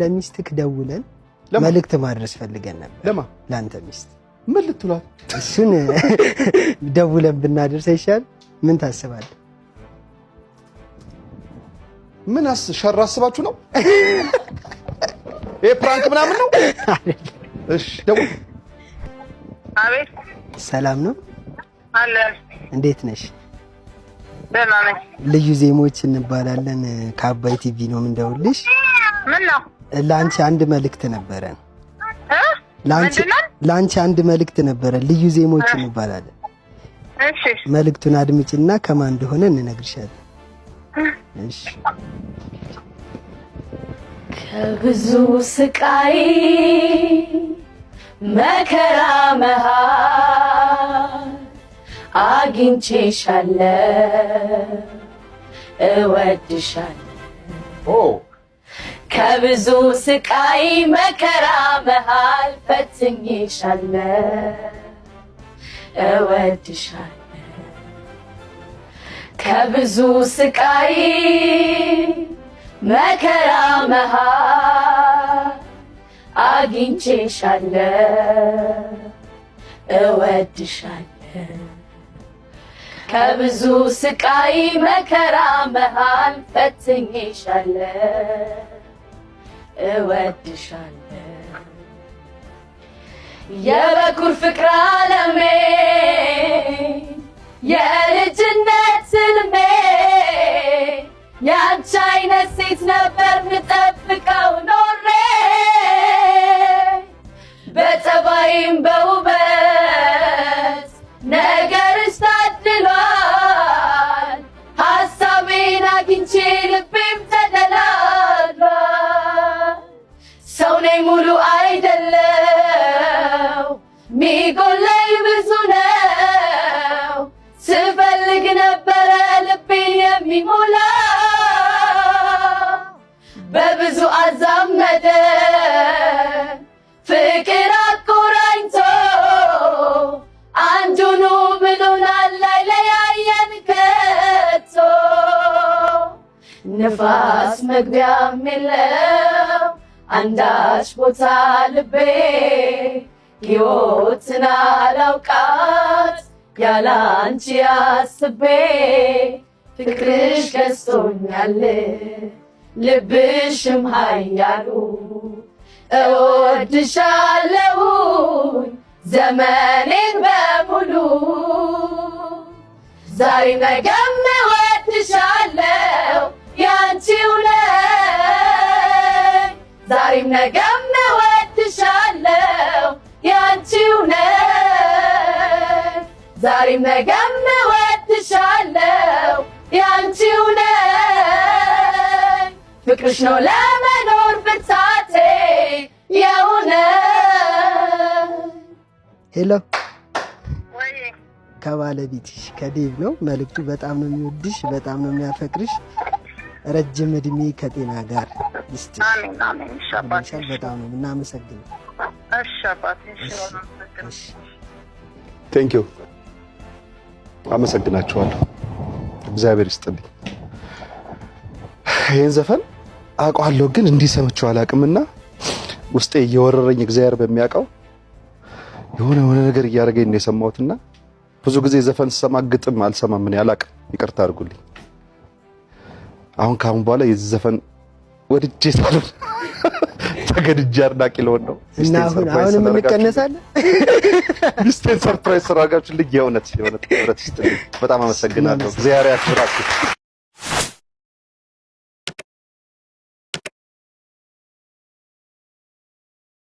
ለሚስትክ ደውለን መልእክት ማድረስ ፈልገን ነበር። ለማ ለአንተ ሚስት ምን ልትሏል? እሱን ደውለን ብናደርስ ይሻል። ምን ታስባለህ? ምን አስ ሸር አስባችሁ ነው? ይሄ ፕራንክ ምናምን ነው። እሺ ደውል። አቤት። ሰላም ነው አለ። እንዴት ነሽ? ደህና ነኝ። ልዩ ዜሞች እንባላለን። ከአባይ ቲቪ ነው የምንደውልሽ። ምን ነው ለአንቺ አንድ መልእክት ነበረን። ለአንቺ አንድ መልእክት ነበረን። ልዩ ዜሞች እንባላለን። መልእክቱን አድምጭና ከማን እንደሆነ እንነግርሻለን። እሺ። ከብዙ ስቃይ መከራ መሃል አግኝቼሻለሁ፣ እወድሻለሁ ከብዙ ስቃይ መከራ መሃል ፈትኜሻለሁ፣ እወድሻለሁ። ከብዙ ስቃይ መከራ መሃል አግኝቼሻለሁ፣ እወድሻለሁ። ከብዙ ስቃይ መከራ መሃል ፈትኝሻለ እወድሻለ ከብዙ ስቃይ መከራ መሃል አግኝቼሻለ እወድሻለ ከብዙ ስቃይ መከራ መሃል ፈትኝሻለ እወድሻለሁ የበኩር ፍቅር አለሜ የልጅነት ስልሜ ያንቺ አይነት ሴት ነበር ምጠብ ላይ ብዙ ነው ስፈልግ ነበረ ልቤን የሚሞላ በብዙ አዛመደ ፍቅር አቆራኝቶ አንዱኑ ብሎናል አይለያየን ከቶ ነፋስ መግቢያም የለው አንዳች ቦታ ልቤ ሕይወትን አላውቃት ያላንቺ አስቤ ፍቅርሽ ገዝቶኛል ልብሽም እወድሻለሁ ዘመኔን በሙሉ ዛሬ ነገም እወድሻለሁ ያንቺው ነይ ዛሬም ዛሬም ነገም እወድሻለሁ ያንቺው ነኝ ፍቅርሽ ነው ለመኖር ብርታቴ የሆነ ሄሎ ከባለቤትሽ ከዴቭ ነው መልእክቱ። በጣም ነው የሚወድሽ፣ በጣም ነው የሚያፈቅርሽ። ረጅም እድሜ ከጤና ጋር ይስጥሽ። በጣም ነው የምናመሰግነው። ቴንኪው አመሰግናችኋለሁ። እግዚአብሔር ይስጥልኝ። ይህን ዘፈን አውቀዋለሁ፣ ግን እንዲህ ሰምቼው አላውቅምና ውስጤ እየወረረኝ እግዚአብሔር በሚያውቀው የሆነ የሆነ ነገር እያደረገኝ ነው የሰማሁትና ብዙ ጊዜ ዘፈን ስሰማ ግጥም አልሰማም። ምን ይቅርታ አድርጉልኝ። አሁን ከአሁን በኋላ የዚህ ዘፈን ወድጄ ሳልሆን ተገድጄ አድናቂ ልሆን ነው። አሁን አሁንም ሚስቴን ሰርፕራይዝ ልጅ የእውነት የእውነት በጣም አመሰግናለሁ። እግዚአብሔር ያክብራችሁ።